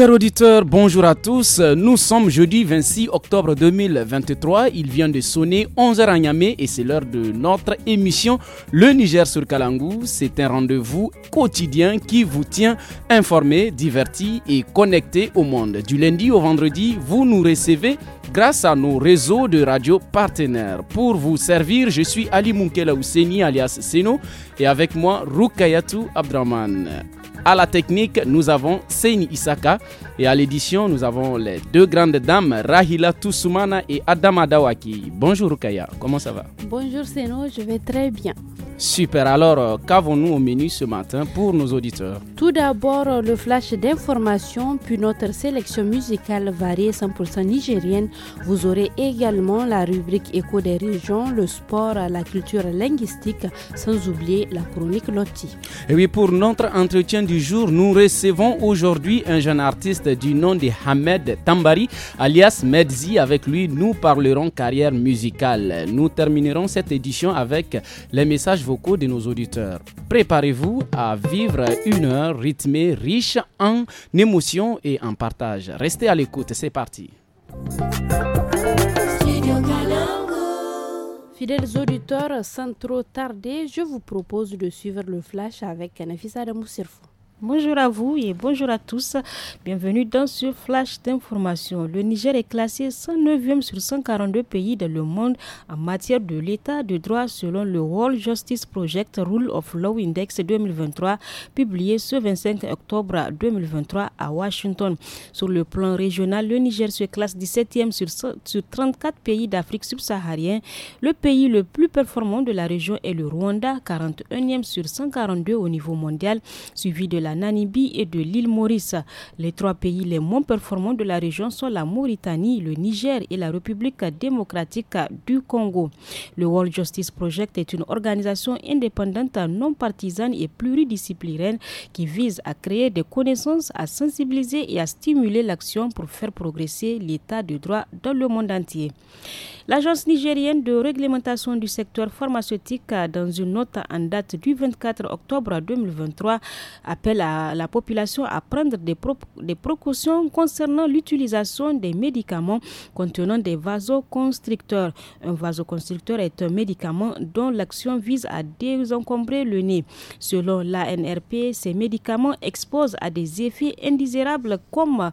Chers auditeurs, bonjour à tous. Nous sommes jeudi 26 octobre 2023. Il vient de sonner 11h à Niamey et c'est l'heure de notre émission Le Niger sur Kalangou. C'est un rendez-vous quotidien qui vous tient informé, diverti et connecté au monde. Du lundi au vendredi, vous nous recevez grâce à nos réseaux de radio partenaires. Pour vous servir, je suis Ali Moukela Ouseni alias Seno et avec moi Rukayatou Abdraman. À la technique, nous avons Seini Isaka et à l'édition, nous avons les deux grandes dames, Rahila Toussoumana et Adama Dawaki. Bonjour Rukaya, comment ça va Bonjour Seno, je vais très bien. Super, alors euh, qu'avons-nous au menu ce matin pour nos auditeurs Tout d'abord euh, le flash d'informations, puis notre sélection musicale variée 100% nigérienne. Vous aurez également la rubrique écho des régions, le sport, la culture linguistique, sans oublier la chronique Loti. Et oui, pour notre entretien du jour, nous recevons aujourd'hui un jeune artiste du nom de Hamed Tambari, alias Medzi. Avec lui, nous parlerons carrière musicale. Nous terminerons cette édition avec les messages vocaux de nos auditeurs. Préparez-vous à vivre une heure rythmée, riche en émotions et en partage. Restez à l'écoute, c'est parti. Fidèles auditeurs, sans trop tarder, je vous propose de suivre le flash avec Nafisa Moussirfou. Bonjour à vous et bonjour à tous. Bienvenue dans ce flash d'information. Le Niger est classé 109e sur 142 pays dans le monde en matière de l'état de droit selon le World Justice Project Rule of Law Index 2023 publié ce 25 octobre 2023 à Washington. Sur le plan régional, le Niger se classe 17e sur, sur 34 pays d'Afrique subsaharienne. Le pays le plus performant de la région est le Rwanda, 41e sur 142 au niveau mondial, suivi de la la Namibie et de l'île Maurice. Les trois pays les moins performants de la région sont la Mauritanie, le Niger et la République démocratique du Congo. Le World Justice Project est une organisation indépendante, non partisane et pluridisciplinaire qui vise à créer des connaissances, à sensibiliser et à stimuler l'action pour faire progresser l'état de droit dans le monde entier. L'Agence nigérienne de réglementation du secteur pharmaceutique, euh, dans une note en date du 24 octobre 2023, appelle à la population à prendre des, des précautions concernant l'utilisation des médicaments contenant des vasoconstricteurs. Un vasoconstricteur est un médicament dont l'action vise à désencombrer le nez. Selon l'ANRP, ces médicaments exposent à des effets indésirables comme euh,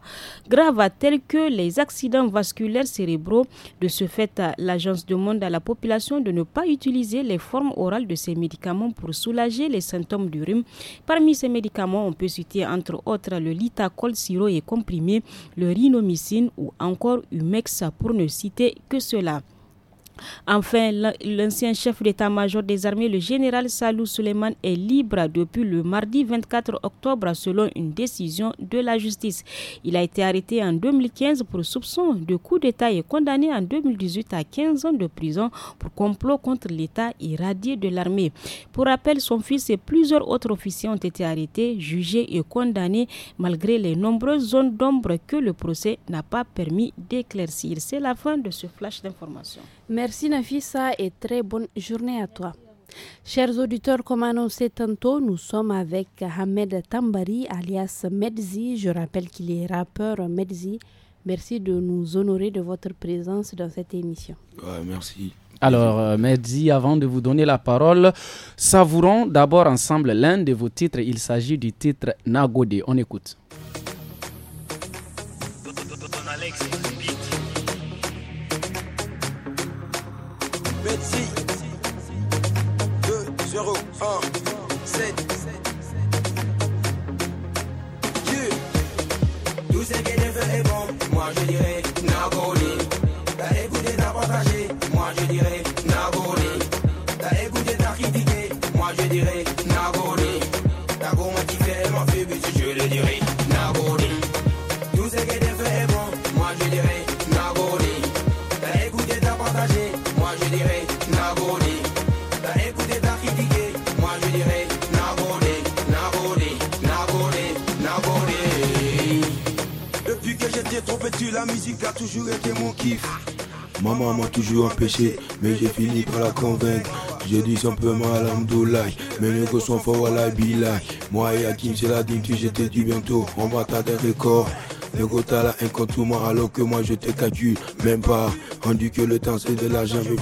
graves tels que les accidents vasculaires cérébraux. De ce fait, l'agence demande à la population de ne pas utiliser les formes orales de ces médicaments pour soulager les symptômes du rhume. Parmi ces médicaments, on peut citer entre autres le litacol sirop et comprimé, le rhinomycine ou encore Umexa pour ne citer que cela. Enfin, l'ancien chef d'état-major des armées, le général Salou Suleiman, est libre depuis le mardi 24 octobre selon une décision de la justice. Il a été arrêté en 2015 pour soupçon de coup d'État et condamné en 2018 à 15 ans de prison pour complot contre l'État irradié de l'armée. Pour rappel, son fils et plusieurs autres officiers ont été arrêtés, jugés et condamnés malgré les nombreuses zones d'ombre que le procès n'a pas permis d'éclaircir. C'est la fin de ce flash d'information. Merci Nafisa et très bonne journée à toi. Chers auditeurs, comme annoncé tantôt, nous sommes avec Ahmed Tambari, alias Medzi. Je rappelle qu'il est rappeur Medzi. Merci de nous honorer de votre présence dans cette émission. merci. Alors, euh, Medzi, avant de vous donner la parole, savourons d'abord ensemble l'un de vos titres. Il s'agit du titre Nagode. On écoute. 1, 7. You. Tout ce qui est est bon, moi je dirais Nagoli. T'as écouté, t'as moi je dirais Nagoli. T'as écouté, t'as critiqué, moi je dirais Nagoli. T'as mon je le dirais. la musique a toujours été mon kiff. Maman m'a toujours empêché, mais j'ai fini par la convaincre. J'ai dit simplement à mais mes que sont forts à la bilaye. Moi et Hakim, c'est la dîme, tu j'étais du bientôt, on va t'attendre le corps Le gota là moi alors que moi je t'ai cadu, même pas. Rendu que le temps c'est de l'argent, je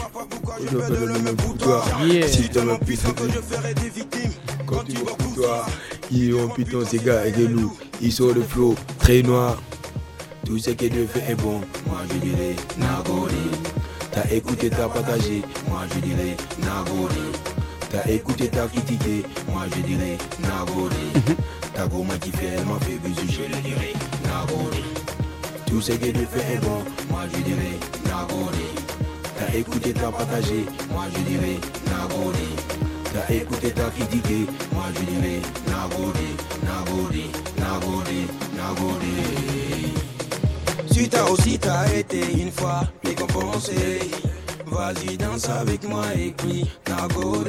je fais le même pour toi. Si tu te puissant que je ferai des victimes quand tu vas pour toi. Ils ont pu ces gars et des loups, ils sont le flot, très noir. Tout ce que Dieu fait est bon, moi je dirais Nagori. T'as écouté, t'as partagé, moi je dirais Nagori. T'as écouté, t'as critiqué, moi je dirais Nagori. Mhm. T'as moi qui fait, elle m'a fait je le dirais Nagori. Tout ce que Dieu fait est bon, moi je dirais Nagori. T'as écouté, t'as partagé, moi je dirais Nagori. T'as écouté, t'as critiqué, moi je dirais Nagori, Nagori, Nagori, Nagori. Tu t'as aussi t'as été une fois récompensé. Vas-y, danse avec moi et puis Nagore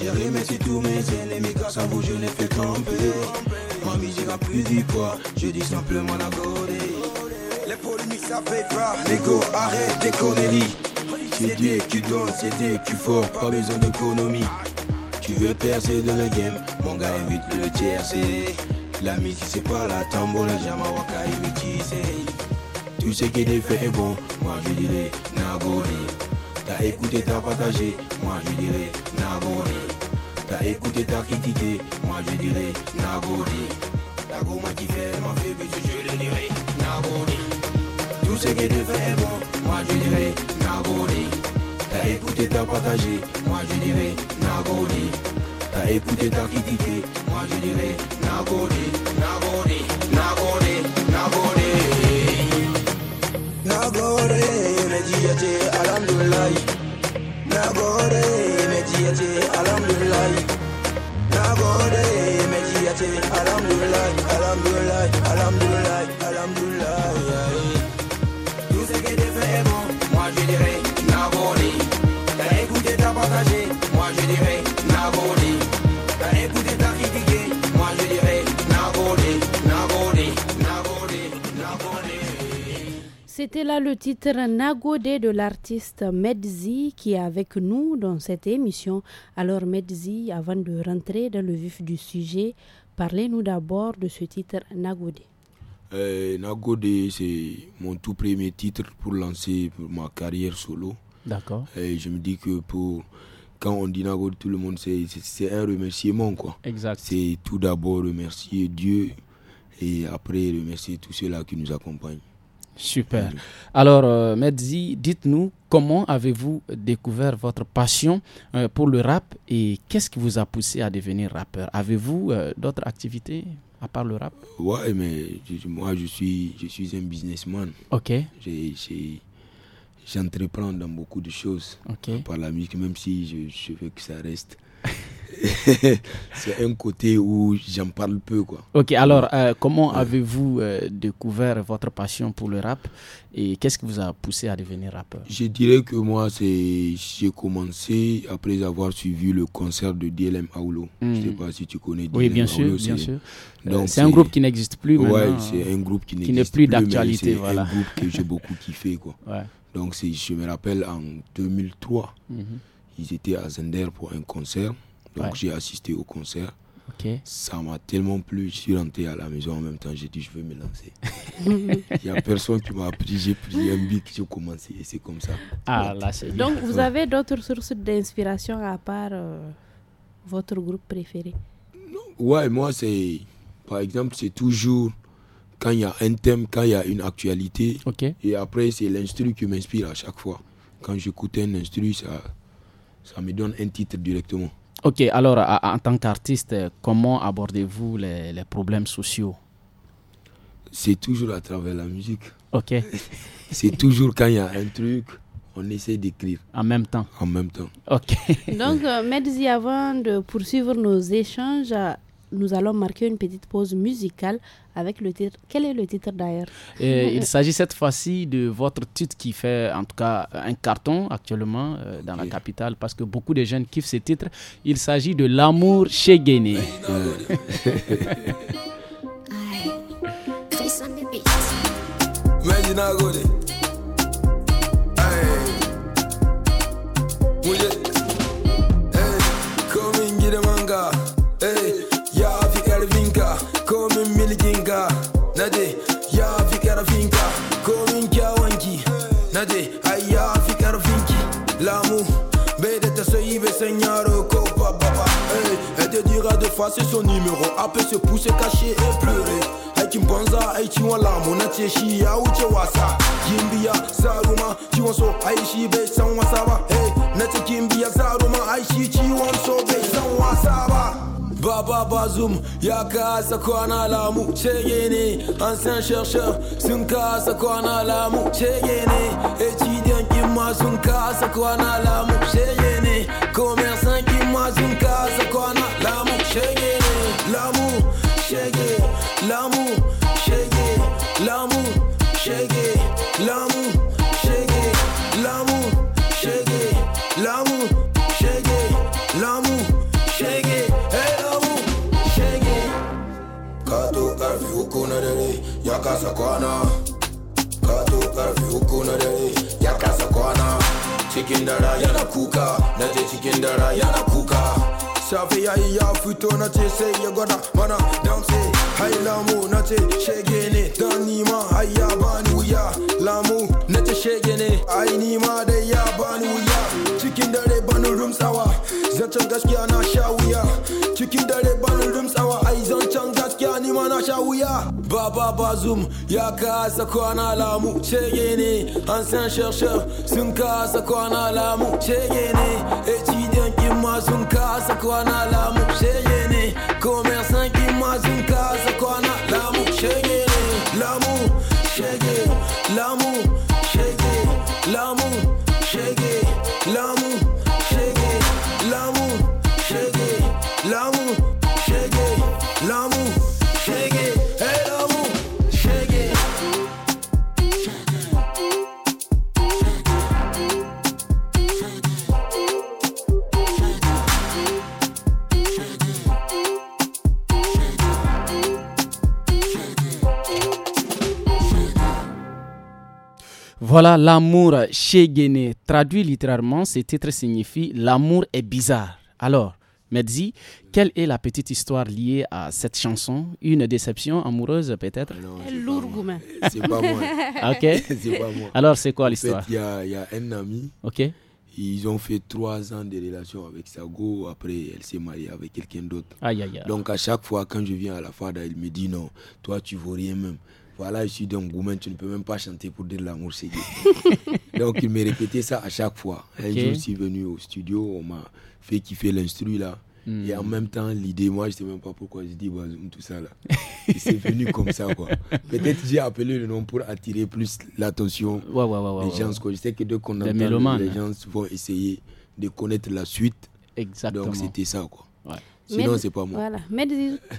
J'ai remercié tous mes ennemis, grâce à vous je n'ai fait tromper. Ma musique a plus du poids, je dis simplement Nagore Les polémiques ça fait pas, go arrête tes conneries. C'est Dieu tu donnes, c'est Dieu tu forts, pas besoin d'économie. Tu veux percer dans le game, mon gars évite le tiercé. La musique c'est pas la tambour, la jama waka tisser tu sais que est est bon. Moi je dirais Nagori. T'as écouté, t'as partagé, moi je dirais Nagori. T'as écouté, t'as critiqué, moi je dirais Nagori. T'as goma qui fait ma je le dirai Nagori. Tout ce que est est bon, moi je dirais Nagori. T'as écouté, t'as partagé, moi je dirais Nagori. T'as écouté, t'as critiqué, moi je dirais Nagori, Nagori, Nagori. mejiyace alhamdulillah na gode mejiyace alhamdulillah na gode mejiyace alhamdulillah alhamdulillah alhamdulillah alhamdulillah C'était là le titre Nagode de l'artiste Medzi qui est avec nous dans cette émission. Alors Medzi, avant de rentrer dans le vif du sujet, parlez-nous d'abord de ce titre Nagode. Euh, Nagode, c'est mon tout premier titre pour lancer ma carrière solo. D'accord. Et je me dis que pour quand on dit Nagode, tout le monde sait, c'est un remerciement quoi. Exact. C'est tout d'abord remercier Dieu et après remercier tous ceux-là qui nous accompagnent. Super. Alors, euh, Medzi, dites-nous comment avez-vous découvert votre passion euh, pour le rap et qu'est-ce qui vous a poussé à devenir rappeur Avez-vous euh, d'autres activités à part le rap Ouais, mais moi, je suis, je suis un businessman. Ok. J'entreprends dans beaucoup de choses Ok. par la musique, même si je, je veux que ça reste c'est un côté où j'en parle peu. Quoi. Ok, alors euh, comment avez-vous euh, découvert votre passion pour le rap et qu'est-ce qui vous a poussé à devenir rappeur Je dirais que moi, j'ai commencé après avoir suivi le concert de DLM Aulo Je ne hmm. sais pas si tu connais DLM Oui, bien sûr, C'est un groupe qui n'existe plus. Oui, c'est un groupe qui n'est plus d'actualité. C'est un groupe que j'ai beaucoup kiffé. Quoi. Donc je me rappelle en 2003, mhm. ils étaient à Zender pour un concert. Donc j'ai assisté au concert. Ça m'a tellement plu, je suis rentré à la maison en même temps, j'ai dit je veux me lancer. Il n'y a personne qui m'a appris, j'ai pris un bic, j'ai commencé et c'est comme ça. Ah, là, Donc vous avez d'autres sources d'inspiration à part euh, votre groupe préféré Ouais, moi c'est, par exemple, c'est toujours quand il y a un thème, quand il y a une actualité. Et après c'est l'instru qui m'inspire à chaque fois. Quand j'écoute un instru, ça, ça me donne un titre directement. Ok, alors en tant qu'artiste, comment abordez-vous les, problèmes sociaux C'est toujours à travers la musique. Ok. C'est toujours quand il y a un truc, on essaie d'écrire. En même temps En même temps. Ok. Donc, euh, avant de poursuivre nos échanges, euh, nous allons marquer une petite pause musicale avec le titre. Quel est le titre d'ailleurs Il s'agit cette fois-ci de votre titre qui fait en tout cas un carton actuellement euh, dans la capitale parce que beaucoup de jeunes kiffent ce titre. Il s'agit de L'amour chez Guéné. face son numéro Appeler se pousser, cacher et pleurer Aïti banza Aïti wala l'amour na ce shi ya wuce wasa kimbiya zaruma ciwon so ai be san Eh, hey na ce kimbiya zaruma ai shi ciwon so bai san ba Baba Bazoum, ya kasa kwana lamu cege ne, ancien chercheur sun kasa kwana lamu cege ne, étudiant qui ma kasa kwana lamu cege ne, commerçant qui ma sun kasa kwana lamu shake it, l'amour, shake it, l'amour, shake it, l'amour, shake it, l'amour, shake it, l'amour, shake it, l'amour, shake it, l'amour, shake it, hey l'amour, shake it. Kato karfi huku na dare ya kasa kwana. Kato karfi huku na dare ya kasa kwana. Cikin dara yana kuka, na cikin dara yana kuka. Safi ya iya fito na ce sai ya gwada mana don sai hai lamu na ce shege ne don nima ai ya bani wuya lamu na ce shege ne ai nima they ya bani wuya cikin dare bani rumtsawa zancen gaskiya na sha oh, ya. Chicken oh, dare sha wuya baba bazum ya kasa kwana lamu shege ne an san sharshar sun kasa kwana lamu shege ne ecidiyan kima sun kasa kwana lamu shege ne commerçant kima sun kasa kwana la mu ne lamu shege lamu shege L'amour, shege lamu Voilà, l'amour chez Guéné. Traduit littéralement, ce titre signifie L'amour est bizarre. Alors, Medzi, quelle est la petite histoire liée à cette chanson Une déception amoureuse peut-être C'est pas, moi. ok. c'est pas moi. Alors c'est quoi l'histoire il y, a un ami. Ok. Ils ont fait trois ans de relation avec sa go, Après, elle s'est mariée avec quelqu'un d'autre. Aïe, aïe, Donc à chaque fois, quand je viens à la fada, il me dit non, toi tu vaux rien même. Voilà, je suis d'un mais tu ne peux même pas chanter pour dire l'amour, c'est Donc, il me répété ça à chaque fois. Un jour, je suis venu au studio, on m'a fait kiffer l'instru là. Hmm. Et en même temps, l'idée, moi, je ne sais même pas pourquoi je dis tout ça là. c'est venu comme ça, quoi. Peut-être j'ai appelé le nom pour attirer plus l'attention des gens, Je sais que dès qu'on entend, les hein. gens vont essayer de connaître la suite. Exactement. Donc, c'était ça, quoi. Sinon, c'est pas moi. Voilà. Mais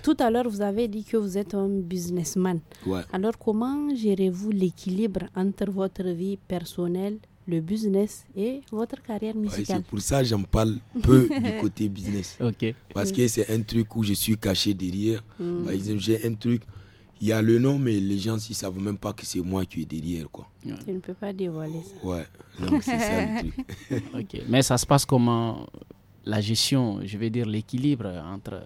tout à l'heure, vous avez dit que vous êtes un businessman. Ouais. Alors, comment gérez-vous l'équilibre entre votre vie personnelle, le business et votre carrière musicale C'est pour ça que j'en parle peu du côté business. ok. Parce que mm. c'est un truc où je suis caché derrière. Mm. Par exemple, j'ai un truc, il y a le nom, mais les gens ne savent même pas que c'est moi qui est derrière. Quoi. Tu ne peux pas dévoiler ça. Ouais, donc c'est ça le truc. Mais ça se passe comment la gestion, je vais dire l'équilibre entre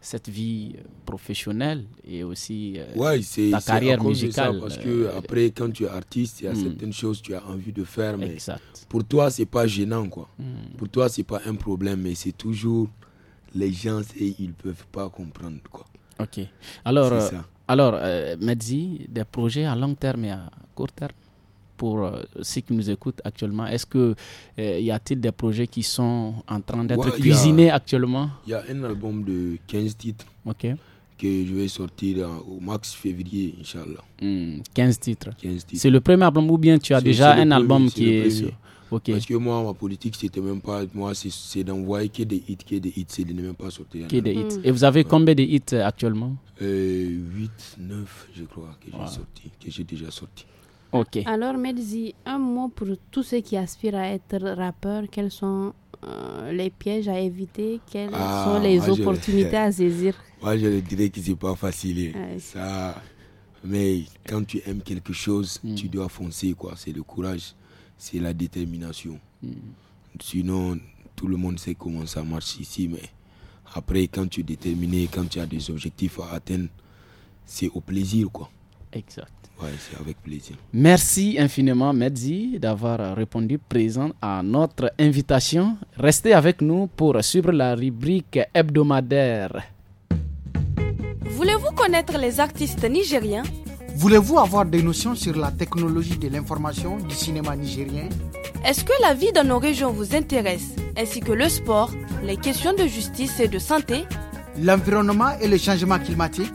cette vie euh, professionnelle et aussi la euh, ta carrière musicale. parce euh, que après, quand tu es artiste, il y a hmm. certaines choses que tu as envie de faire, mais pour toi, c'est pas gênant, quoi. Hmm. Pour toi, c'est pas un problème, mais c'est toujours les gens et ils peuvent pas comprendre, quoi. Ok. Alors, alors, Medzi, des projets à long terme et à court terme pour euh, ceux qui nous écoutent actuellement Est-ce que euh, y a-t-il des projets qui sont en train d'être cuisinés actuellement Il y a un album de 15 titres. Que je vais sortir euh, au max février, Inch'Allah. 15 hmm, titres. C'est le premier album ou bien tu as déjà un album qui est. Parce que moi, ma politique, c'était même pas. Moi, c'est d'envoyer que des hits, que des hits, c'est de ne même pas sortir. Que des hits. Et vous avez combien de hits actuellement 8, 9, je crois, que j'ai que j'ai déjà sorti. Alors, Melzi, un mot pour tous ceux qui aspirent à être rappeurs. Quels sont euh, les pièges à éviter Quelles ah, sont les opportunités à saisir Moi, je dirais que n'est pas facile. Hein. ça... Mais quand tu aimes quelque chose, mm. tu dois foncer. quoi. C'est le courage, c'est la détermination. Mm. Sinon, tout le monde sait comment ça marche ici. Mais après, quand tu es déterminé, quand tu as des objectifs à atteindre, c'est au plaisir. quoi. Exact avec plaisir. Merci infiniment, Medzi, d'avoir répondu présent à notre invitation. Restez avec nous pour suivre la rubrique hebdomadaire. Voulez-vous connaître les artistes nigériens Voulez-vous avoir des notions sur la technologie de l'information du cinéma nigérien Est-ce que la vie dans nos régions vous intéresse, ainsi que le sport, les questions de justice et de santé L'environnement et le changement climatique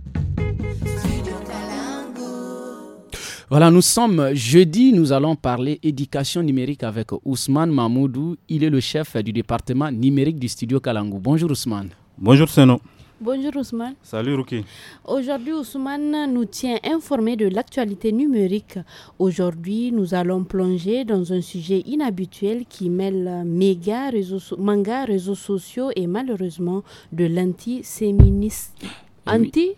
Voilà, nous sommes jeudi, nous allons parler éducation numérique avec Ousmane Mamoudou. Il est le chef du département numérique du studio Kalangou. Bonjour Ousmane. Bonjour Seno. Bonjour Ousmane. Salut Ruki. Aujourd'hui Ousmane nous tient informés de l'actualité numérique. Aujourd'hui nous allons plonger dans un sujet inhabituel qui mêle méga, réseaux, manga, réseaux sociaux et malheureusement de l'antiséminisme. Eh anti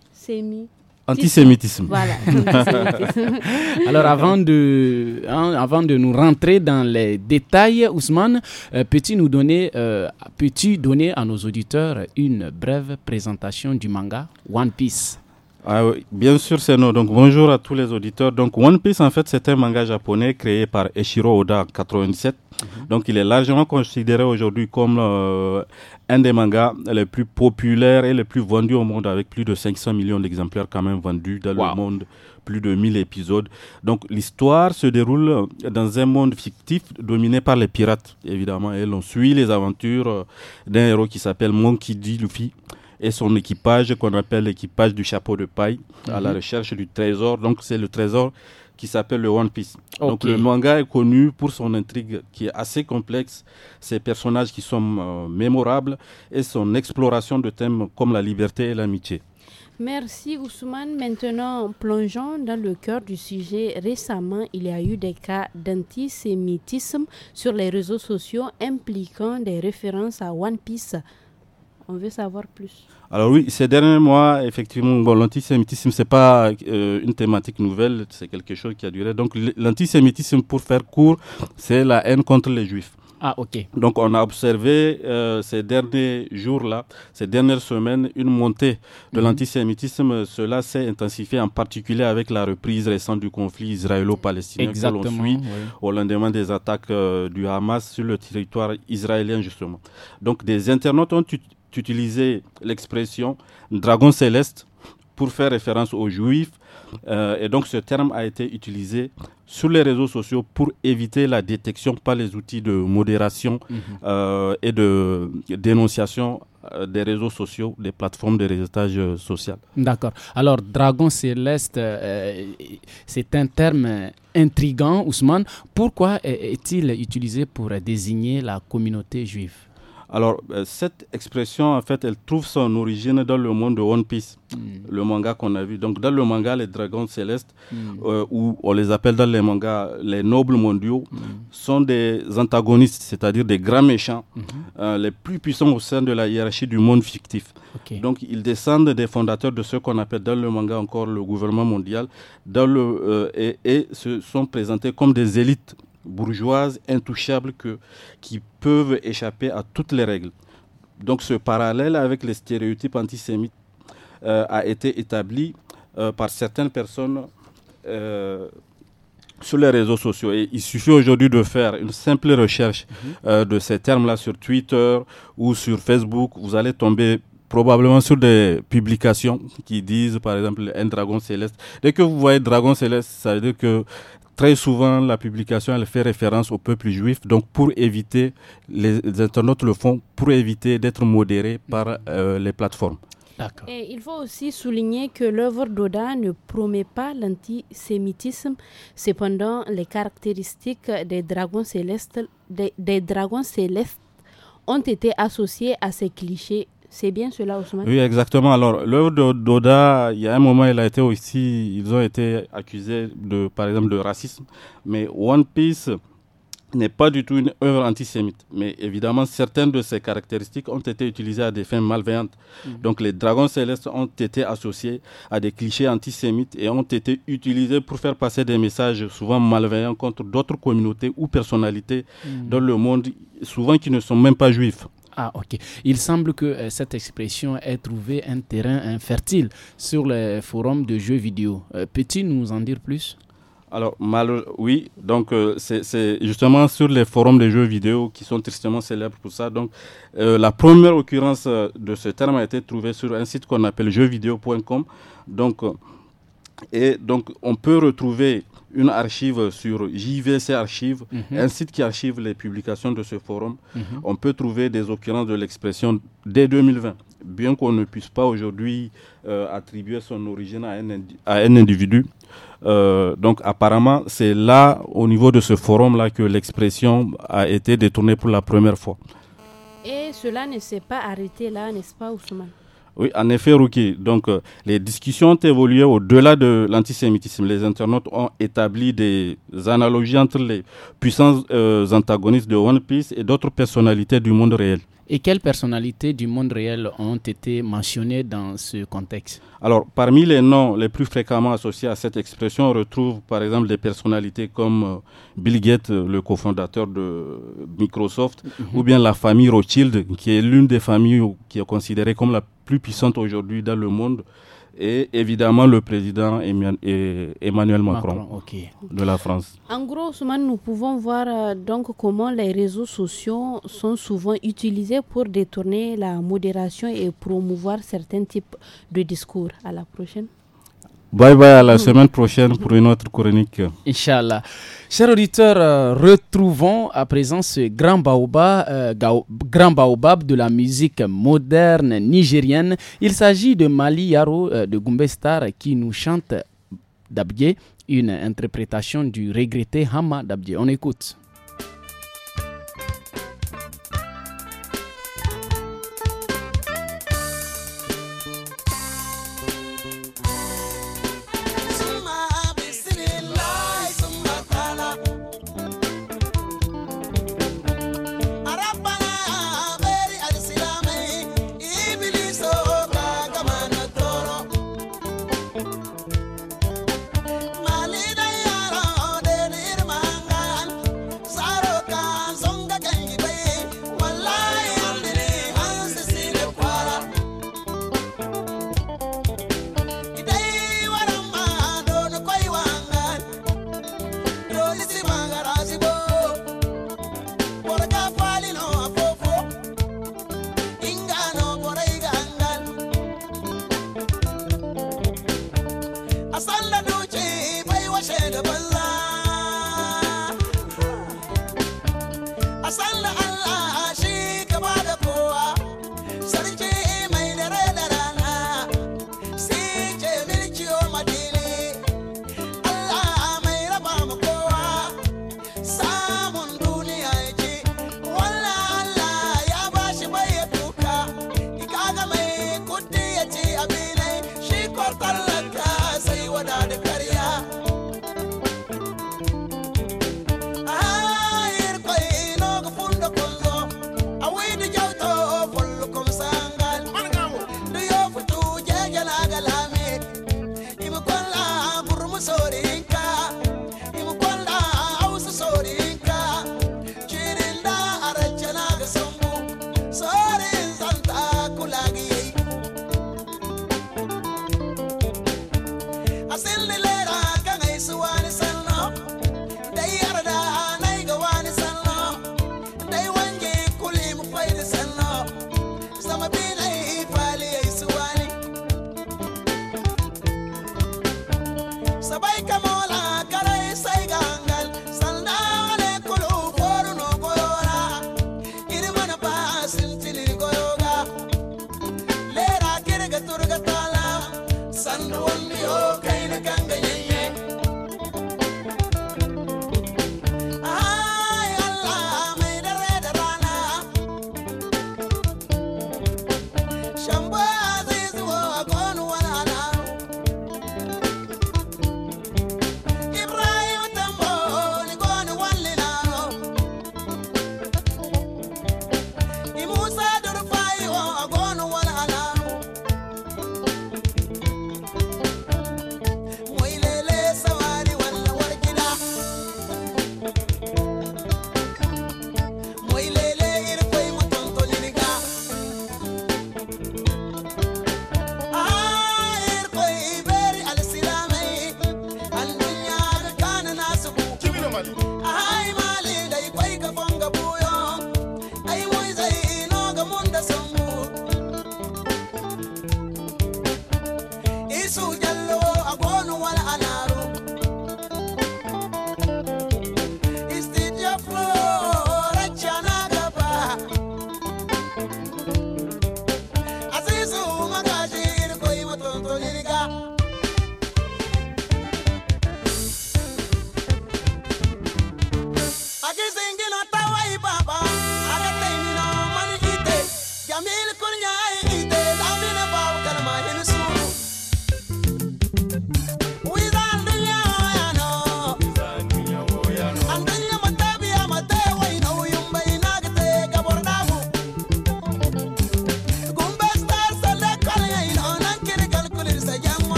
Antisémitisme. Alors avant de, hein, avant de nous rentrer dans les détails, Ousmane, euh, peux-tu nous donner, euh, peux donner à nos auditeurs une brève présentation du manga One Piece ah bien sûr, c'est nous. Donc, bonjour à tous les auditeurs. Donc, One Piece, en fait, c'est un manga japonais créé par Eshiro Oda en 97. Mhm. Donc, il est largement considéré aujourd'hui comme euh, un des mangas les plus populaires et les plus vendus au monde, avec plus de 500 millions d'exemplaires quand même vendus dans le monde, plus de 1000 épisodes. Donc, l'histoire se déroule dans un monde fictif dominé par les pirates, évidemment. Et l'on suit les aventures euh, d'un héros qui s'appelle Monkey D. Luffy et son équipage qu'on appelle l'équipage du chapeau de paille à la mhm. recherche du trésor. Donc c'est le trésor qui s'appelle le One Piece. Donc le manga est connu pour son intrigue qui est assez complexe, ses personnages qui sont euh, mémorables et son exploration de thèmes comme la liberté et l'amitié. Merci Ousmane. Maintenant, plongeons dans le cœur du sujet. Récemment, il y a eu des cas d'antisémitisme sur les réseaux sociaux impliquant des références à One Piece. On veut savoir plus. Alors oui, ces derniers mois, effectivement, l'antisémitisme, ce n'est pas euh, une thématique nouvelle, c'est quelque chose qui a duré. Donc l'antisémitisme, pour faire court, c'est la haine contre les juifs. Ah, ok. Donc, on a observé euh, ces derniers jours-là, ces dernières semaines, une montée de mhm. l'antisémitisme. Cela s'est intensifié en particulier avec la reprise récente du conflit israélo-palestinien que au lendemain des attaques euh, du Hamas sur le territoire israélien, justement. Donc, des internautes ont utilisé l'expression dragon céleste pour faire référence aux juifs. Euh, et donc ce terme a été utilisé sur les réseaux sociaux pour éviter la détection par les outils de modération mhm. euh, et de dénonciation euh, des réseaux sociaux, des plateformes de réseautage social. D'accord. Alors, dragon céleste, c'est un terme intrigant, Ousmane. Pourquoi est-il utilisé pour désigner la communauté juive alors, euh, cette expression, en fait, elle trouve son origine dans le monde de One Piece, hmm. le manga qu'on a vu. Donc, dans le manga, les dragons célestes, hmm. euh, ou on les appelle dans les mangas les nobles mondiaux, hmm. sont des antagonistes, c'est-à-dire des grands méchants, euh, les plus puissants au sein de la hiérarchie du monde fictif. Donc, ils descendent des fondateurs de ce qu'on appelle dans le manga encore le gouvernement mondial, dans le, et se sont présentés comme des élites bourgeoises intouchables que, qui peuvent échapper à toutes les règles. Donc ce parallèle avec les stéréotypes antisémites euh, a été établi euh, par certaines personnes euh, sur les réseaux sociaux. Et il suffit aujourd'hui de faire une simple recherche mhm. de ces termes-là sur Twitter ou sur Facebook. Vous allez tomber probablement sur des publications qui disent, par exemple, un dragon céleste. Dès que vous voyez dragon céleste, ça veut dire que Très souvent, la publication, elle fait référence au peuple juif, donc pour éviter, les, internautes le font pour éviter d'être modérés par mhm. euh, les plateformes. il faut aussi souligner que l'œuvre d'Oda ne promet pas l'antisémitisme. Cependant, les caractéristiques des dragons célestes, des, dragons célestes ont été associées à ces clichés c'est bien cela, Ousmane Oui, exactement. Alors, l'œuvre de d'Oda, il y a un moment, il a été aussi, ils ont été accusés, de, par exemple, de racisme. Mais One Piece n'est pas du tout une œuvre antisémite. Mais évidemment, certaines de ses caractéristiques ont été utilisées à des fins malveillantes. Mhm. Donc les dragons célestes ont été associés à des clichés antisémites et ont été utilisés pour faire passer des messages souvent malveillants contre d'autres communautés ou personnalités mhm. dans le monde, souvent qui ne sont même pas juifs. Ah, ok. Il semble que euh, cette expression ait trouvé un terrain infertile sur les forums de jeux vidéo. Euh, peux-tu nous en dire plus alors, oui, donc euh, c'est justement sur les forums de jeux vidéo qui sont tristement célèbres pour ça. Donc, la première occurrence de ce terme a été trouvée sur un site qu'on appelle jeuxvideo.com. Donc, et donc, on peut retrouver une archive sur JVC Archive, mhm. un site qui archive les publications de ce forum. Mhm. On peut trouver des occurrences de l'expression dès 2020. Bien qu'on ne puisse pas aujourd'hui euh, attribuer son origine à un, individu. Euh, donc apparemment, c'est là, au niveau de ce forum-là, que l'expression a été détournée pour la première fois. Et cela ne s'est pas arrêté là, n'est-ce pas, Ousmane oui, en effet, Rookie. Donc, euh, les discussions ont évolué au-delà de l'antisémitisme. Les internautes ont établi des analogies entre les puissants euh, antagonistes de One Piece et d'autres personnalités du monde réel. Et quelles personnalités du monde réel ont été mentionnées dans ce contexte Alors, parmi les noms les plus fréquemment associés à cette expression, on retrouve par exemple des personnalités comme euh, Bill Gates, le cofondateur de Microsoft, mhm. ou bien la famille Rothschild, qui est l'une des familles qui est considérée comme la plus puissante aujourd'hui dans le monde et évidemment le président Emmanuel Macron, de la France. En gros, nous pouvons voir euh, donc comment les réseaux sociaux sont souvent utilisés pour détourner la modération et promouvoir certains types de discours. À la prochaine. Bye bye à la semaine prochaine pour une autre chronique. Inch'Allah. Chers auditeurs, euh, retrouvons à présent ce grand baobab, euh, grand baobab de la musique moderne nigérienne. Il s'agit de Mali Yaro euh, de Gumbestar qui nous chante Dabye, une interprétation du regretté Hama Dabye. On écoute.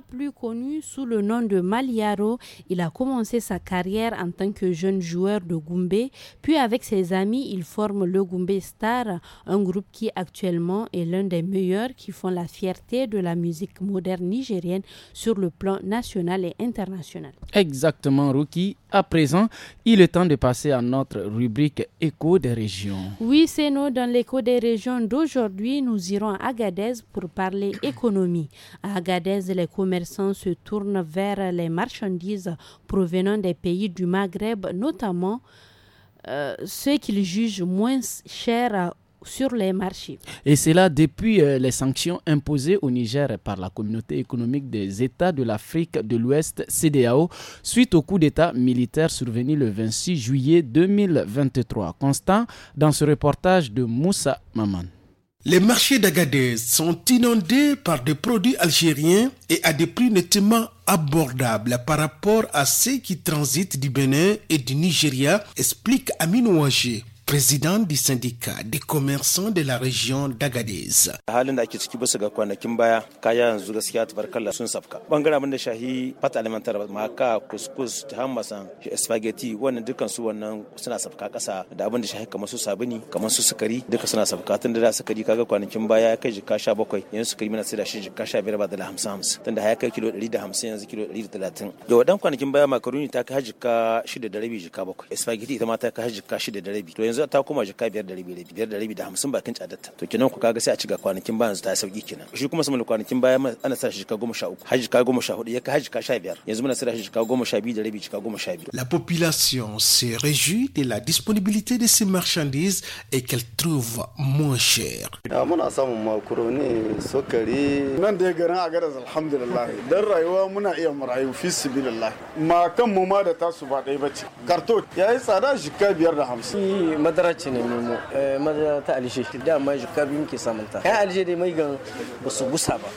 plus connu sous le nom de Maliaro. Il a commencé sa carrière en tant que jeune joueur de Goumbé, puis avec ses amis, il forme le Goumbé Star, un groupe qui actuellement est l'un des meilleurs qui font la fierté de la musique moderne nigérienne sur le plan national et international. Exactement, Ruki. À présent, il est temps de passer à notre rubrique Écho des régions. Oui, c'est nous dans l'écho des régions d'aujourd'hui, nous irons à Agadez pour parler économie. À Agadez, l'économie commerçants se tournent vers les marchandises provenant des pays du Maghreb, notamment euh, ceux qu'ils jugent moins chers sur les marchés. Et cela depuis euh, les sanctions imposées au Niger par la communauté économique des États de l'Afrique de l'Ouest, CDAO, suite au coup d'État militaire survenu le 26 juillet 2023. Constant dans ce reportage de Moussa Maman. Les marchés d'Agadez sont inondés par des produits algériens et à des prix nettement abordables par rapport à ceux qui transitent du Bénin et du Nigeria, explique Amin président du syndicat des commerçants de la région d'Agadez. Halin da ake ciki basu ga kwanakin baya kaya yanzu gaskiya tabarkalla sun safka. Bangaren abin da shahi fata alimentar maka kuskus ta spaghetti wannan su wannan suna kasa da abin da shahi kamar su sabuni kamar su sukari duka suna tun da da sukari kaga kwanakin baya ya kai jikka 17 yanzu sukari sai da shi jikka 15 ba da 50 tun da ya kai kilo 150 yanzu kilo 130. Da wadan kwanakin baya makaroni ta kai jikka 6 da rabi jikka 7 spaghetti ita ma ta kai jikka 6 da rabi to yanzu yanzu ta koma jaka biyar da rabi biyar da rabi da hamsin bakin tsadarta to kenan ku kaga sai a ci ga kwanakin ba yanzu ta sauki kenan shi kuma sama kwanakin baya ana sa shi jaka goma sha uku har goma sha hudu ya kai har jaka sha biyar yanzu muna sa shi jaka goma sha biyu da rabi jaka goma sha biyu. La population se réjouit de la disponibilité de ces marchandises et qu'elle trouve moins cher. Ah, muna samun makaroni, sukari. Nan da garin agaras alhamdulillah dan rayuwa muna iya marayu fi sibilillah ma kan mu ma da tasu ba ɗaya bace. Karto ya yi tsada jika biyar da hamsin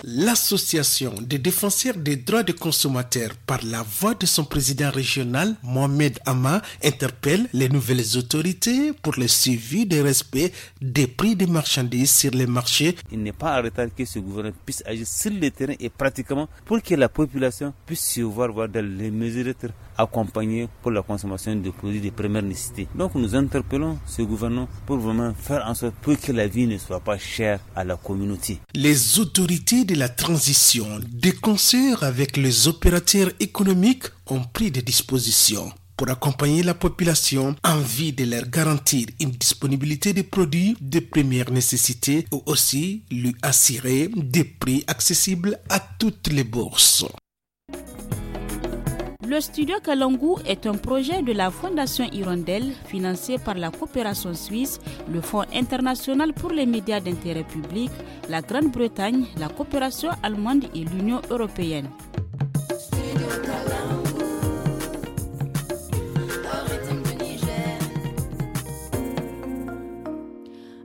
l'association des défenseurs des droits des consommateurs par la voix de son président régional Mohamed Ama interpelle les nouvelles autorités pour le suivi des respect des prix des marchandises sur les marchés il n'est pas arrêté que ce gouvernement puisse agir sur le terrain et pratiquement pour que la population puisse se voir, voir dans les mesures accompagner pour la consommation de produits de première nécessité. Donc nous interpellons ce gouvernement pour vraiment faire en sorte pour que la vie ne soit pas chère à la communauté. Les autorités de la transition, des concert avec les opérateurs économiques, ont pris des dispositions pour accompagner la population en vue de leur garantir une disponibilité des produits de première nécessité ou aussi lui assurer des prix accessibles à toutes les bourses. Le studio Kalangu est un projet de la Fondation Hirondelle financé par la coopération suisse, le Fonds international pour les médias d'intérêt public, la Grande-Bretagne, la coopération allemande et l'Union européenne.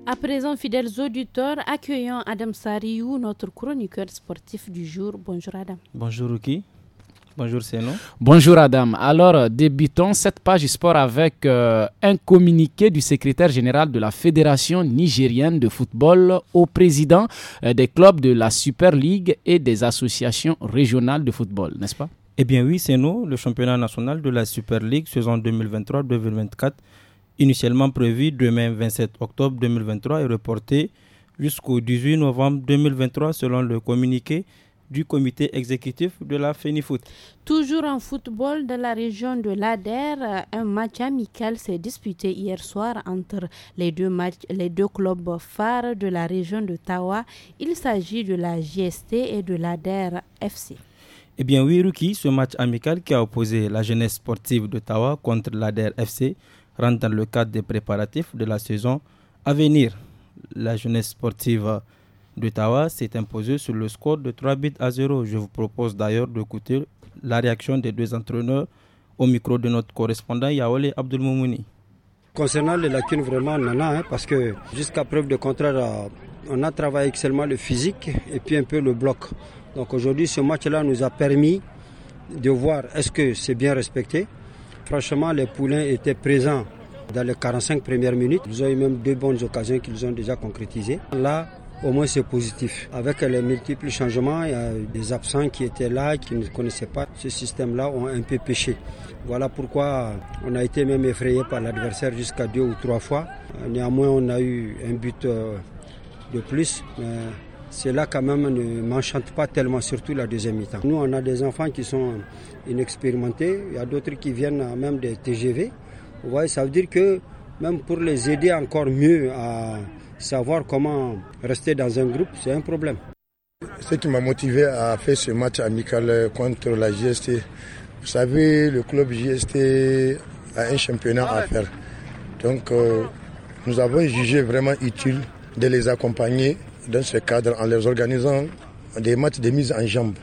À présent, fidèles auditeurs, accueillant Adam Sariou, notre chroniqueur sportif du jour. Bonjour Adam. Bonjour Ruki. Bonjour nous. Bonjour Adam. Alors, euh, débutons cette page sport avec euh, un communiqué du secrétaire général de la Fédération nigérienne de football au président euh, des clubs de la Super League et des associations régionales de football, n'est-ce pas Eh bien oui, c'est nous, le championnat national de la Super League saison 2023-2024, initialement prévu demain 27 octobre 2023 est reporté jusqu'au 18 novembre 2023 selon le communiqué du comité exécutif de la FENIFOOT. Toujours en football de la région de l'Ader, un match amical s'est disputé hier soir entre les deux, clubs phares de la région de Tawa. Il s'agit de la GST et de l'Ader FC. Eh bien oui, Ruki, ce match amical qui a opposé la jeunesse sportive d'Ottawa contre l'ADER FC rentre dans le cadre des préparatifs de la saison à venir. La jeunesse sportive d'Ottawa s'est imposé sur le score de 3 buts à 0. Je vous propose d'ailleurs d'écouter la réaction des deux entraîneurs au micro de notre correspondant Yaole Abdelmoumouni. Concernant les lacunes, vraiment, nana, hein, parce que jusqu'à preuve de contraire, euh, on a travaillé excellemment le physique et puis un peu le bloc. Donc aujourd'hui, ce match-là nous a permis de voir est-ce que c'est bien respecté. Franchement, les poulains étaient présents dans les 45 premières minutes. Ils ont eu même deux bonnes occasions qu'ils ont déjà concrétisées. Là, au moins c'est positif. Avec les multiples changements, il y a des absents qui étaient là, qui ne connaissaient pas ce système-là, ont un peu péché. Voilà pourquoi on a été même effrayé par l'adversaire jusqu'à deux ou trois fois. Néanmoins, on a eu un but euh, de plus. Mais cela quand même ne m'enchante pas tellement, surtout la deuxième mi-temps. Nous, on a des enfants qui sont inexpérimentés, il y a d'autres qui viennent même des TGV. Vous voyez, ça veut dire que même pour les aider encore mieux à savoir comment rester dans un groupe, c'est un problème. Ce qui m'a motivé à faire ce match amical contre la GST, vous savez, le club GST a un championnat à faire. Donc, euh, nous avons jugé vraiment utile de les accompagner dans ce cadre en les organisant des matchs de mise en jambe.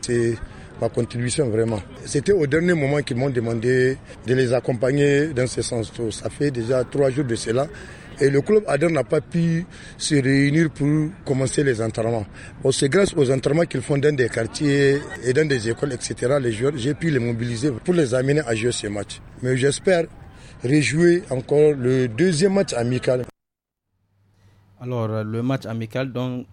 C'est ma contribution vraiment. C'était au dernier moment qu'ils m'ont demandé de les accompagner dans ce sens. Ça fait déjà trois jours de cela et le club Ader n'a pas pu se réunir pour commencer les entraînements. c'est grâce aux entraînements qu'ils font dans des quartiers et dans des écoles, etc., les joueurs, j'ai pu les mobiliser pour les amener à jouer ces matchs. Mais j'espère rejouer encore le deuxième match amical. Alors, le match amical dont,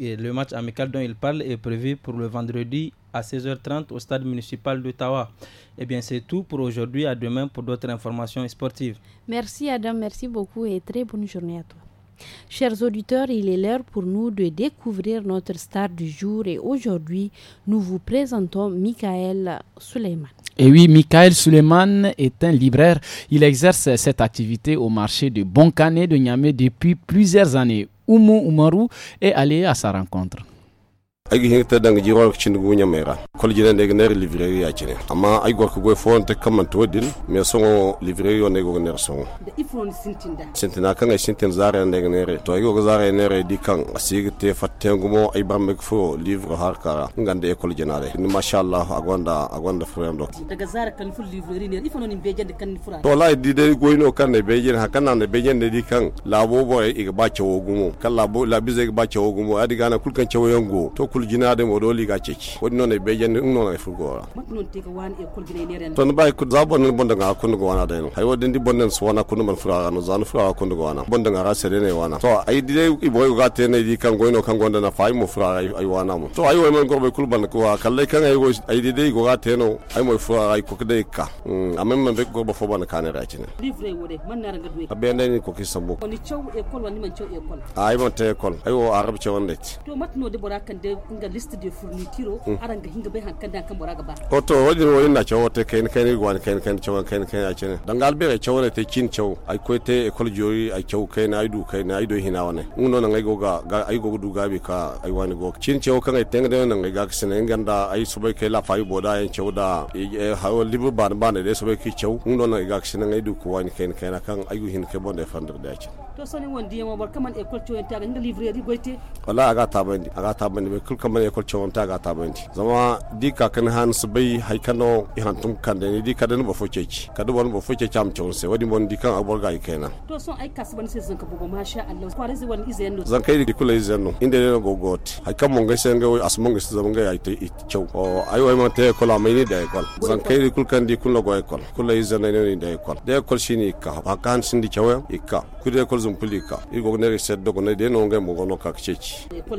le match amical dont il parle est prévu pour le vendredi à 16h30 au stade municipal d'Ottawa. Eh bien, c'est tout pour aujourd'hui. À demain pour d'autres informations sportives. Merci Adam, merci beaucoup et très bonne journée à toi. Chers auditeurs, il est l'heure pour nous de découvrir notre star du jour et aujourd'hui, nous vous présentons Michael Suleiman. Et oui, Michael Suleiman est un libraire. Il exerce cette activité au marché de Boncané de Niamey depuis plusieurs années. Oumu Oumarou est allé à sa rencontre. ay gi aigi hekta danga jiron cin gunya mera kolji den de ner livreri ya cine amma ai gorko goy fon te kamman to din me songo livreri on ego ner songo da ifon sintinda sintina kan ai sintin zare ne ner to ai go zare ner di kan asig te fattengo mo ai bamme fo livre har kara ngande e kolji re ni masha Allah agonda agonda yam do daga zare kan fu livreri ner ifon ni beje de kan fu ra to lay di de goy no kan ne beje ha kan na beje ne di kan labo boy e ba cewo gumo kan labo labize ba cewo gumo adiga na kulkan cewo yango to ekul jina de modo liga ceki wodi e non e beje non e furgo non tiga wan ekul jina ne ren ton bay ku zabo non bonda ga kun go wana no hay wodi ndi bonden so wana kun man fura no zanu fura kun go wana bonda ga sere ne wana to ay dide i boy ga tene di kan goino kan gonda na fay mo fura ay wana mo to ay wo man gorbe kul ban ko kalle kan ay go ay dide go ga teno ay mo fura ay ko de ka hmm, amma man be gorbe fo ban kan ra kine livre wode man na ga duwe abende ni ko kisambo ni chow ekol wani man chow e kol ay mo te kol ay wo arab chow ndet to matno de borakan de Hmm. nga liste de fourniture aran ga hinga bai hankan da kan bora gaba hoto wajin wani na cewa ta kai kai gwani kai kai cewa kai kai a cene dan galbe ga cewa ta kin cewa ai ko ta ekol jori ai cewa kai na idu kai na ido hina wane uno nan ai goga ai goga du gabe ka ai wani go cin cewa kan ai tanga da nan ai ga sene ganda ai su bai kai la fayi boda ai cewa da e, hawo libu ban ban de su bai kai cewa uno nan ai ga sene ai du ko wani kai kai na kan ai hin kai bonda fandar da ya to soni wondi yemo bor kaman école e coyon taga hinga livrer di goyte wallahi aga tabandi aga tabandi be kul kaman école e coyon taga tabandi zama di ka kan han subai hay kano ihan tum kande ni di kadan ba foceci kada won ba foceci am coyon se wadi mon di kan abor ga kenan to son ai kasban se zanka bugo masha Allah kware zai wani zan kai di kula izendo inda ne go got hay kan mon ga sen ga as mon ga se zama ga ay te it cow o ay way man te école e amai ni da école zanka di kul kan di kul go école kula izendo ne ni da école da école shini ka ba kan sin di ikka kul école zum pulika i go ne reset do ne de no ngai mo gono ka checi eh, pol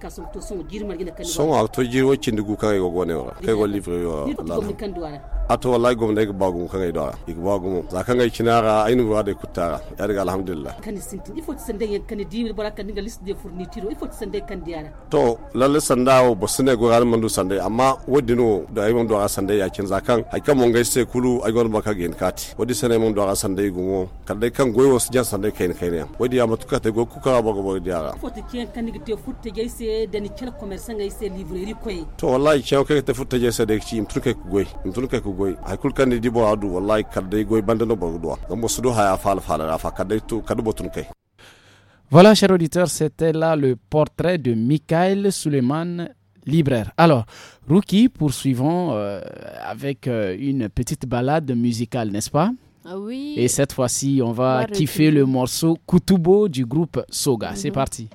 ka to so jirma gine kan so a to jirwo cindi gu kan go ne wala kai go livre yo la a to wallahi go ne ba gu kan do i ba gu mo za kan ngai kinara ainu wa de kutara ya daga alhamdulillah kan sintin ifo sande yan kan di bara kan nga list de i fot sende kan diara to le sanda wo sene go gal mandu sande amma no da ay mun do sande ya kin kan ay kan mun se kulu ai gon baka gen kati wodi sene mun do sande gumo kan dai kan goyo su jan sande kai kai kaire wadi ya matuka ta go kuka ba go wadi ya fota kiyan kan digite futta se da ni kel commerce ngai se librairie koy to wallahi chaw ke ta futte jai se da ci imtun ke goy imtun ke goy ay kul kan di bo adu wallahi kadde goy bandano bo do ngam so do haya fal fal rafa kadai to kadu botun kay Voilà, chers auditeurs, c'était là le portrait de Michael Suleiman, libraire. Alors, Rookie, poursuivons euh, avec euh, une petite balade musicale, n'est-ce pas ah Et cette fois-ci, on va kiffer le morceau Kutubo du groupe Soga. C'est mhm. parti.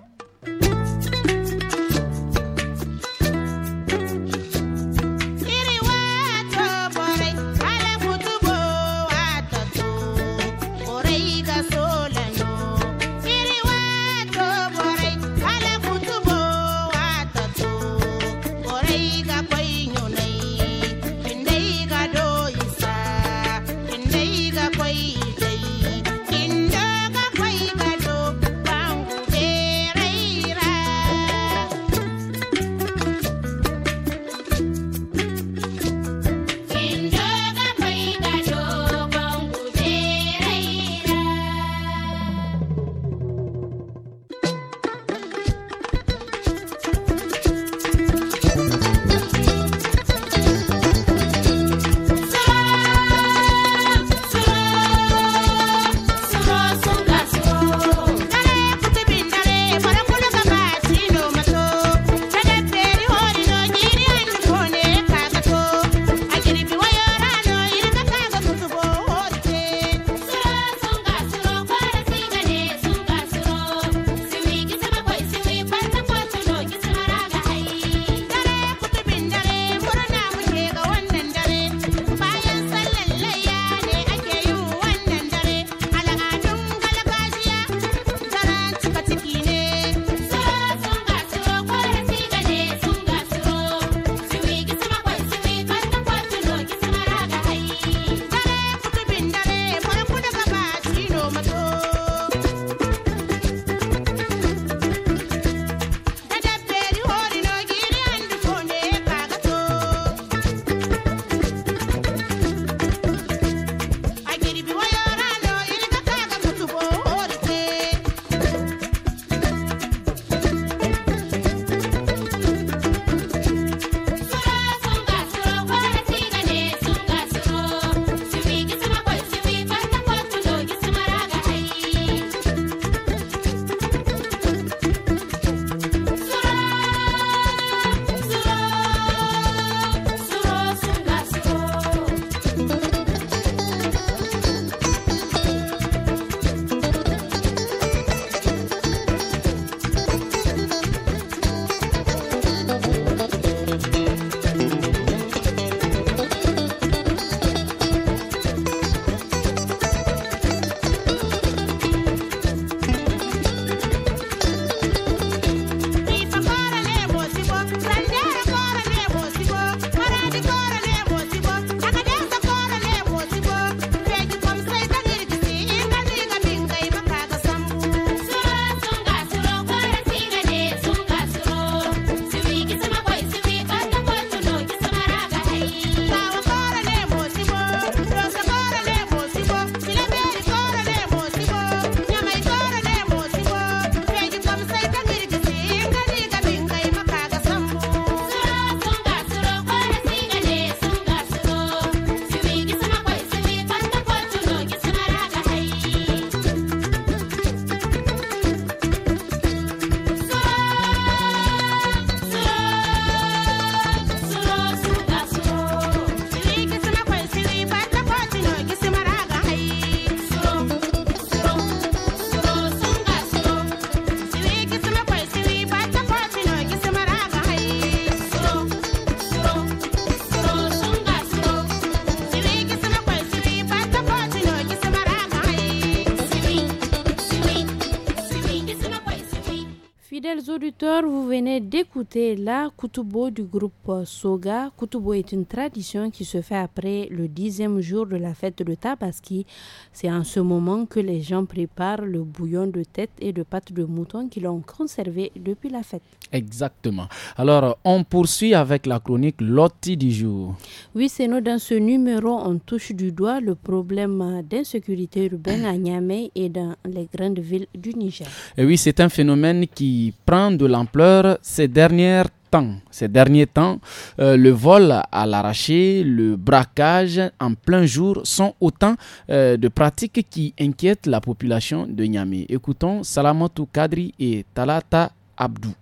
auditeurs, vous venez écoutez la Kutubo du groupe Soga. Kutubo est une tradition qui se fait après le dixième jour de la fête de Tabaski. C'est en ce moment que les gens préparent le bouillon de tête et de pâte de mouton qu'ils ont conservé depuis la fête. Exactement. Alors, on poursuit avec la chronique Lotti du jour. Oui, c'est nous. Dans ce numéro, on touche du doigt le problème d'insécurité urbaine à Niamey et dans les grandes villes du Niger. Et oui, c'est un phénomène qui prend de l'ampleur C'est derniers temps, ces derniers temps euh, le vol à l'arraché, le braquage en plein jour sont autant euh, de pratiques qui inquiètent la population de Niamey. Écoutons Salamatu Kadri et Talata Abdou.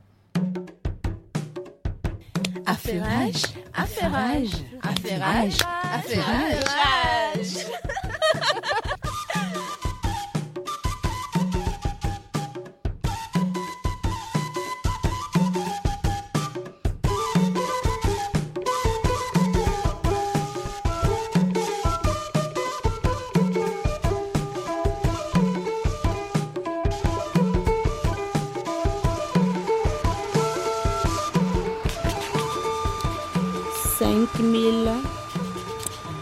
5 000,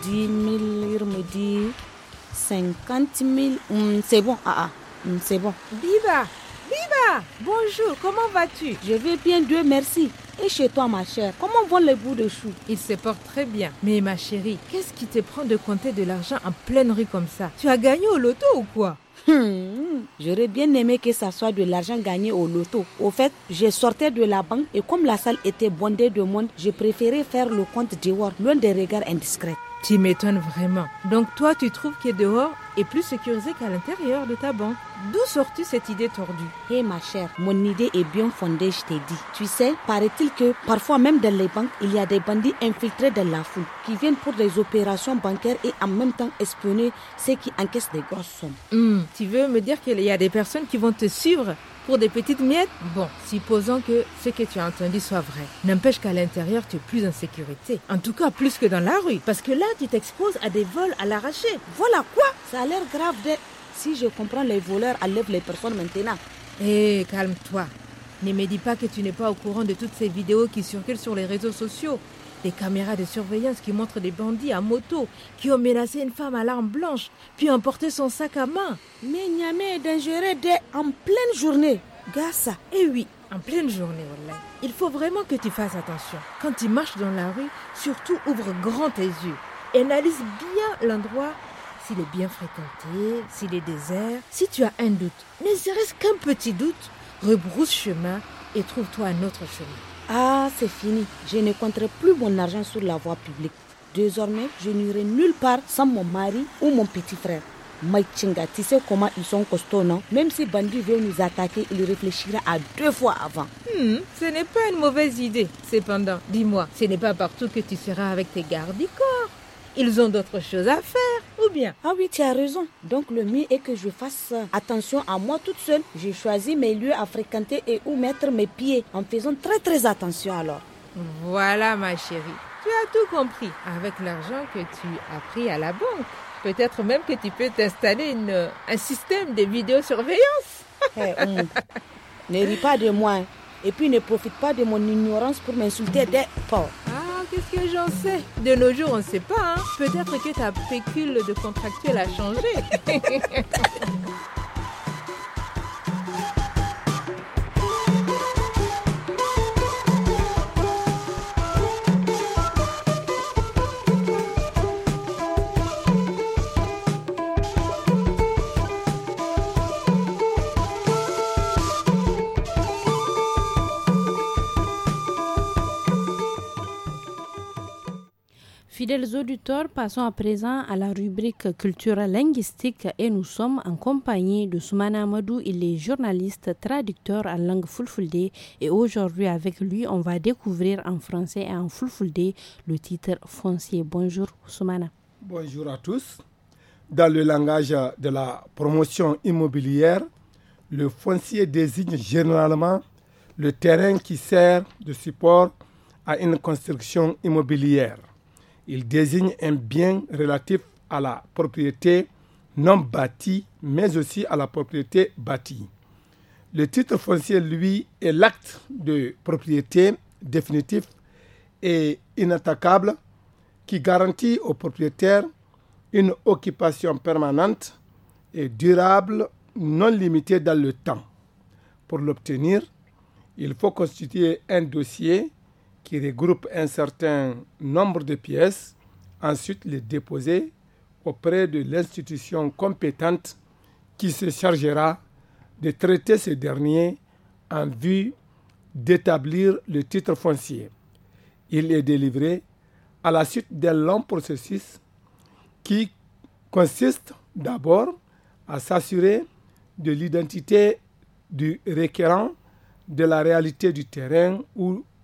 10 000, il me dit 50 000. c'est bon, ah, ah hum, c'est bon. Viva Viva bonjour, comment vas-tu Je vais bien, Dieu merci. Et chez toi, ma chère, comment vont les bouts de chou Ils se portent très bien. Mais ma chérie, qu'est-ce qui te prend de compter de l'argent en pleine rue comme ça Tu as gagné au loto ou quoi Hmm. J'aurais bien aimé que ça soit de l'argent gagné au loto. Au fait, je sortais de la banque et comme la salle était bondée de monde, j'ai préféré faire le compte dehors, loin des regards indiscrets. Tu m'étonnes vraiment. Donc toi, tu trouves que dehors, et plus sécurisé qu'à l'intérieur de ta banque. D'où sortit cette idée tordue Hé ma chère, mon idée est bien fondée, je t'ai dit. Tu sais, paraît-il que parfois même dans les banques, il y a des bandits infiltrés dans la foule qui viennent pour des opérations bancaires et en même temps espionner ceux qui encaissent des grosses sommes. Hmm, tu veux me dire qu'il y a des personnes qui vont te suivre pour des petites miettes Bon, supposons que ce que tu as entendu soit vrai. N'empêche qu'à l'intérieur, tu es plus en sécurité. En tout cas, plus que dans la rue. Parce que là, tu t'exposes à des vols à l'arraché. Voilà quoi Ça a l'air grave de... Si je comprends, les voleurs enlèvent les personnes maintenant. Hé, eh, calme-toi. Ne me dis pas que tu n'es pas au courant de toutes ces vidéos qui circulent sur les réseaux sociaux. Des caméras de surveillance qui montrent des bandits à moto qui ont menacé une femme à l'arme blanche, puis emporté son sac à main. Mais y est dangereux dès en pleine journée. Gassa. Eh oui, en pleine journée, Il faut vraiment que tu fasses attention. Quand tu marches dans la rue, surtout ouvre grand tes yeux. Analyse bien l'endroit s'il est bien fréquenté, s'il est désert. Si tu as un doute, ne serait-ce qu'un petit doute, rebrousse chemin et trouve-toi un autre chemin. Ah, c'est fini. Je ne compterai plus mon argent sur la voie publique. Désormais, je n'irai nulle part sans mon mari ou mon petit frère. Mike Chinga, tu sais comment ils sont costauds, non Même si Bandi veut nous attaquer, il réfléchira à deux fois avant. Hmm, ce n'est pas une mauvaise idée. Cependant, dis-moi, ce n'est pas partout que tu seras avec tes gardes corps. Ils ont d'autres choses à faire. Ah oui, tu as raison. Donc le mieux est que je fasse euh, attention à moi toute seule. J'ai choisi mes lieux à fréquenter et où mettre mes pieds en faisant très très attention alors. Voilà ma chérie. Tu as tout compris avec l'argent que tu as pris à la banque. Peut-être même que tu peux t'installer euh, un système de vidéosurveillance. Eh, hum. ne ris pas de moi hein. et puis ne profite pas de mon ignorance pour m'insulter des pauvres. Ah, qu'est-ce que j'en sais De nos jours, on ne sait pas. Hein. Peut-être que ta pécule de contractuel a changé. Fidèles auditeurs, passons à présent à la rubrique culture linguistique et nous sommes en compagnie de Soumana Amadou. Il est journaliste traducteur en langue fulfulde et aujourd'hui avec lui, on va découvrir en français et en fulfulde le titre foncier. Bonjour Soumana. Bonjour à tous. Dans le langage de la promotion immobilière, le foncier désigne généralement le terrain qui sert de support à une construction immobilière. Il désigne un bien relatif à la propriété non bâtie, mais aussi à la propriété bâtie. Le titre foncier, lui, est l'acte de propriété définitif et inattaquable qui garantit au propriétaire une occupation permanente et durable non limitée dans le temps. Pour l'obtenir, il faut constituer un dossier qui regroupe un certain nombre de pièces, ensuite les déposer auprès de l'institution compétente qui se chargera de traiter ces derniers en vue d'établir le titre foncier. Il est délivré à la suite d'un long processus qui consiste d'abord à s'assurer de l'identité du requérant, de la réalité du terrain ou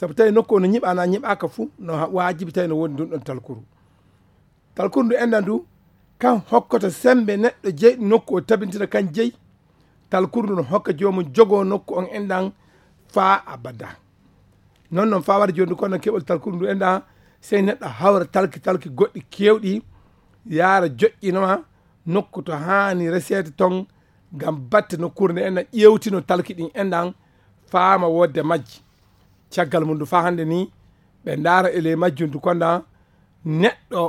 sabu tawi nokku o no ñiɓana ñiɓaka fuu no wajibi tawi no woni ɗum ɗon talkuru talkuru ndu enna ndu kan hokkata sembe neɗɗo jeyɗi nokku o tabintina kan jeyi talkuru ndu no hokka jomum jogo nokku on enɗan fa abada non noon fa waɗa joni ndu konno keɓol talkuru ndu enɗa sey neɗɗo hawra talki talki goɗɗi kewɗi yaara joƴƴinoma nokku to hani resede ton gam batte nokkure nde enɗan ƴewtino talki ɗin enɗan faama wodde majji caggal mum du fa hande ni ɓe ndaara ele majjum du konda neɗɗo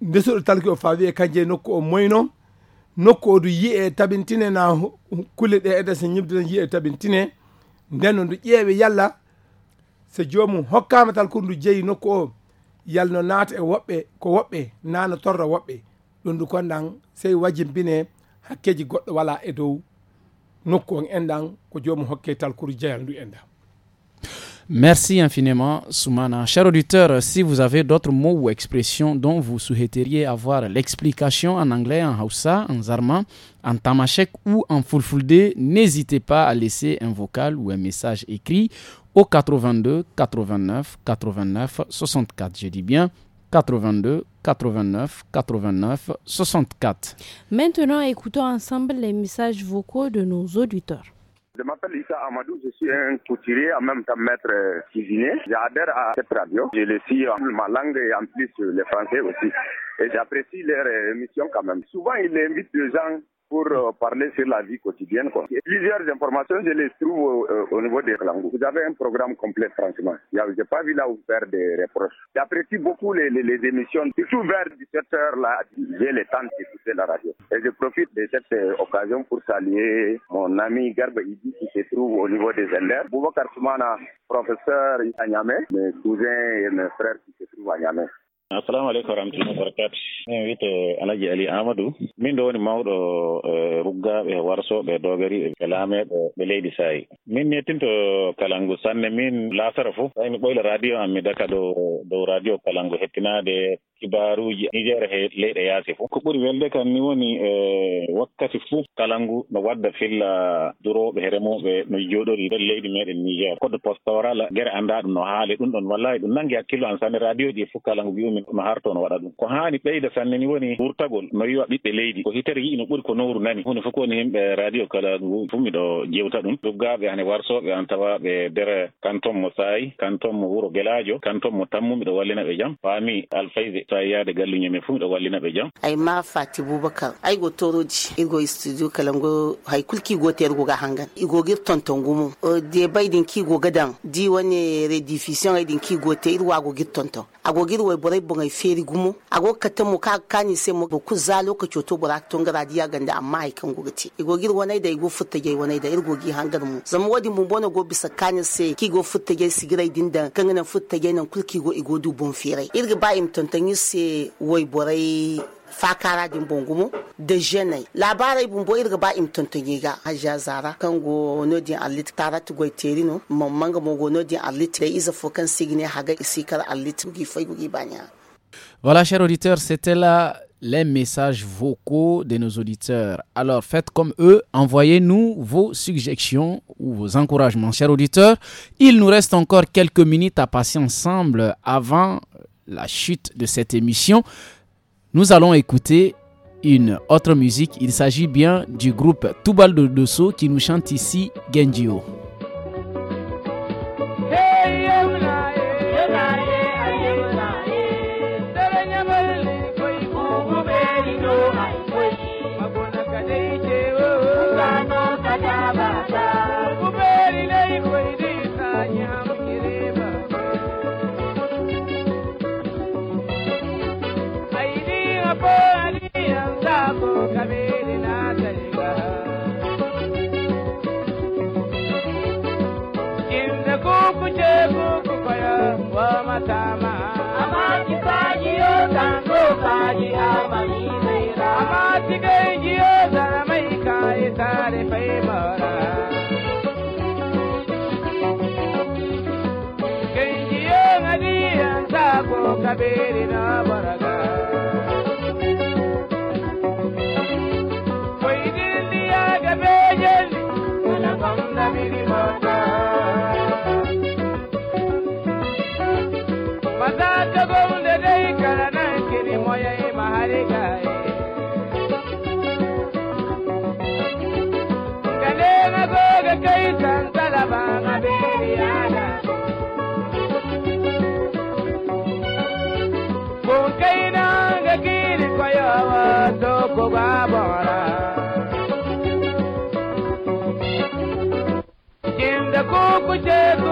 ndesuɗo talki o fa wiye kanje nokku o moyno nokku o du yi e tabintine na kulle ɗe edese ñibdina yi e tabintine nden no du ƴeewe yalla so jomum hokkama tal kudu du jeeyi nokku o yalno naata e woɓɓe ko woɓɓe nana torra woɓɓe ɗum du konɗan sey wajjimbine hakkeji goɗɗo wala e dow nokku on endan ko jomum hokke talkuru jeyal ndu endan Merci infiniment, Soumana. Chers auditeurs, si vous avez d'autres mots ou expressions dont vous souhaiteriez avoir l'explication en anglais, en Hausa, en Zarma, en Tamashek ou en Fulfulde, n'hésitez pas à laisser un vocal ou un message écrit au 82 89 89 64. Je dis bien 82 89 89 64. Maintenant, écoutons ensemble les messages vocaux de nos auditeurs. Je m'appelle Issa Amadou, je suis un couturier, en même temps maître cuisinier. J'adhère à cette radio. Je le suis en ma langue et en plus le français aussi. Et j'apprécie leur émission quand même. Souvent, ils invitent des gens pour euh, parler sur la vie quotidienne. Plusieurs informations, je les trouve euh, au, niveau des langues. Vous avez un programme complet, franchement. Je n'ai pas vu là où faire des reproches. J'apprécie beaucoup les, émissions. Surtout vers 17h, là, j'ai le temps d'écouter la radio. Et je profite de cette euh, occasion pour saluer mon ami Garba Idi qui se trouve au niveau des Zender. Boubacar Soumana, professeur à Niamey, mes cousins et mes frères qui se trouvent à Niamey. assalamu aleykum warahmatullahi wabarakatu min wiyete alaji ali amadou min ɗo woni mawɗo eh, ruggaɓe warsoɓe dogari e laameɓe ɓe leydi saayi min nettinto kalangu sanne min lasara fof tawi mi ɓoyla radio am mi daka ɗo dow radio kalangu hettinade kibaruji niger he leyɗe yaasi fof ko ɓuri welde kam ni woni e wakkati fuu kalangu no wadda filla durooɓe e remoɓe no jooɗori nder leydi meɗen niger code postoral gere annda ɗum no haali ɗum ɗon wallahi ɗum nangi hakkillo an sanne radio ji fof kalangu mbi'umi no harto no waɗa ɗum ko haani ɓeyda sanne ni woni wurtagol no yiwa ɓiɓɓe leydi ko hitere yii no ɓuri ko nowru nani hunde fof ko woni himɓe radio kalangu fuu miɗo jewta ɗum duggaɓe hane warsoɓe an tawaɓe nder canton mo sayi canton mo wuro guelajo canton mo tammu miɗo wallina ɓe jaam faami alfayse tawi yaade galluñumen fof miɗo wallina ɓe jaam ay ma fati boubacar ay go toroji igo studio kala go hay kulki go tergo ga hangan igo gir tonton gumu de baydin ki go gadan di woni rediffusion ay din ki go te irwa go gir tonton ago gir way boray bongay feri gumu ago katamu ka kani se mo ku za lokaci to bora ton gara diya ganda amma ay kan go gati igo gir wonay da igo futta gay wonay da irgo gi hangan mu zama wadi mu bona go bisa kani se ki go futta gay sigirai dinda kangana futta gay nan kulki go igo du bon fere irga ba im tonton voilà, chers auditeurs, c'était là les messages vocaux de nos auditeurs. Alors faites comme eux, envoyez-nous vos suggestions ou vos encouragements. Chers auditeurs, il nous reste encore quelques minutes à passer ensemble avant la chute de cette émission, nous allons écouter une autre musique. Il s'agit bien du groupe Toubal de Dosso qui nous chante ici Genjiho matama. Amma ki sajiyo tango saji amani zaira. Amma ki gaijiyo zara mai kayi e tare fai mara. Gaijiyo ngadiyan sako kabiri na baraga. Jim the Cuckoo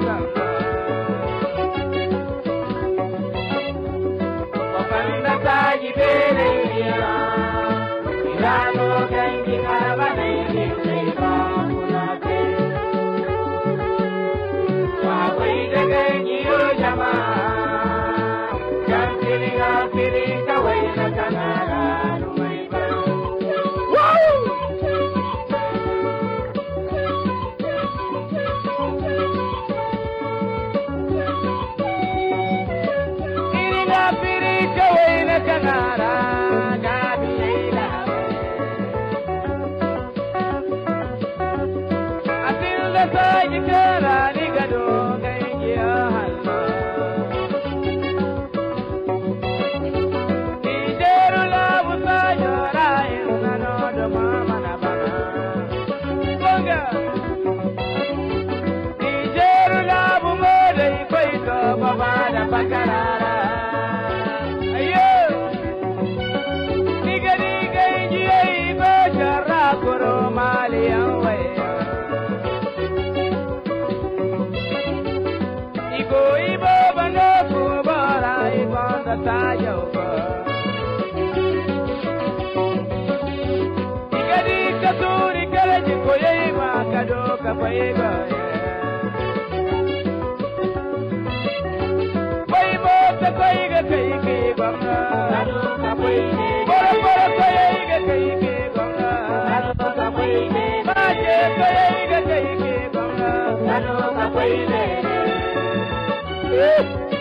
Pirita, Wayna, Canada. Somalia way. Igo ibo tayo kado mo ta koye ga ga I don't kai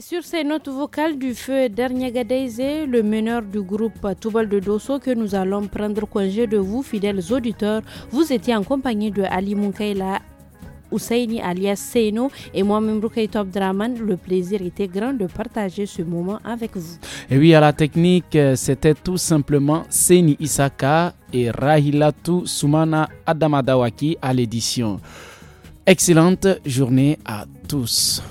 sur ces notes vocales du feu dernier Gadeize, le meneur du groupe Toubal de Dosso, que nous allons prendre congé de vous, fidèles auditeurs. Vous étiez en compagnie de Ali Moukaila Ousseini alias Seino et moi-même Top Draman. Le plaisir était grand de partager ce moment avec vous. Et oui, à la technique, euh, c'était tout simplement Seini Isaka et Rahilatu Soumana Adamadawaki à l'édition. Excellente journée à tous.